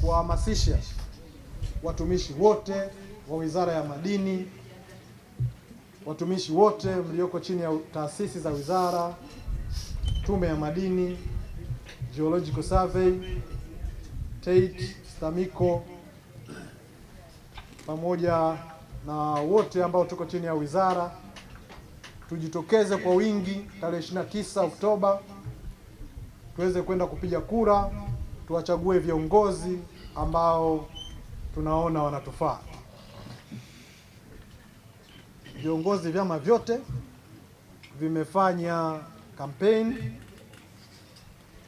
kuwahamasisha watumishi wote wa Wizara ya Madini, watumishi wote mlioko chini ya taasisi za wizara, Tume ya Madini, Geological Survey, TAIT, STAMICO pamoja na wote ambao tuko chini ya wizara tujitokeze kwa wingi tarehe 29 Oktoba tuweze kwenda kupiga kura tuwachague viongozi ambao tunaona wanatufaa. Viongozi, vyama vyote vimefanya kampeni,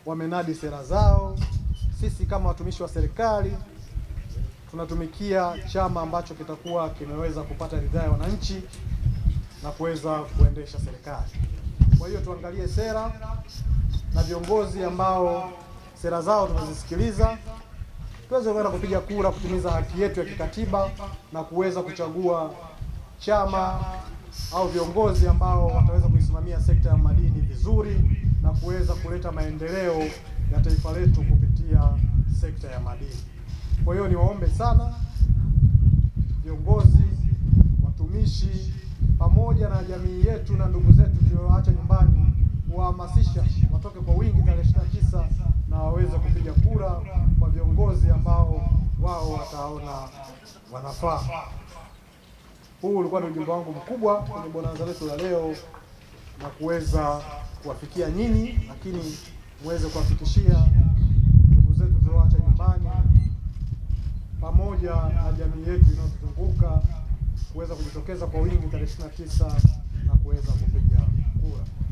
wamenadi sera zao. Sisi kama watumishi wa serikali tunatumikia chama ambacho kitakuwa kimeweza kupata ridhaa ya wananchi na kuweza kuendesha serikali. Kwa hiyo tuangalie sera na viongozi ambao sera zao tunazisikiliza, tuweze kwenda kupiga kura kutimiza haki yetu ya kikatiba na kuweza kuchagua chama au viongozi ambao wataweza kuisimamia sekta ya madini vizuri na kuweza kuleta maendeleo ya taifa letu kupitia sekta ya madini. Kwa hiyo niwaombe sana viongozi, watumishi, pamoja na jamii yetu na ndugu zetu tulioacha nyumbani kuwahamasisha watoke kwa wingi tarehe ishirini na tisa na waweze kupiga kura kwa viongozi ambao wao wataona wanafaa. Huu ulikuwa ni ujumbe wangu mkubwa kwenye bonanza letu la leo na kuweza kuwafikia nyinyi, lakini muweze kuwafikishia ndugu zetu tulioacha nyumbani, pamoja na jamii yetu inayotuzunguka kuweza kujitokeza kwa wingi tarehe ishirini na tisa na kuweza kupiga kura.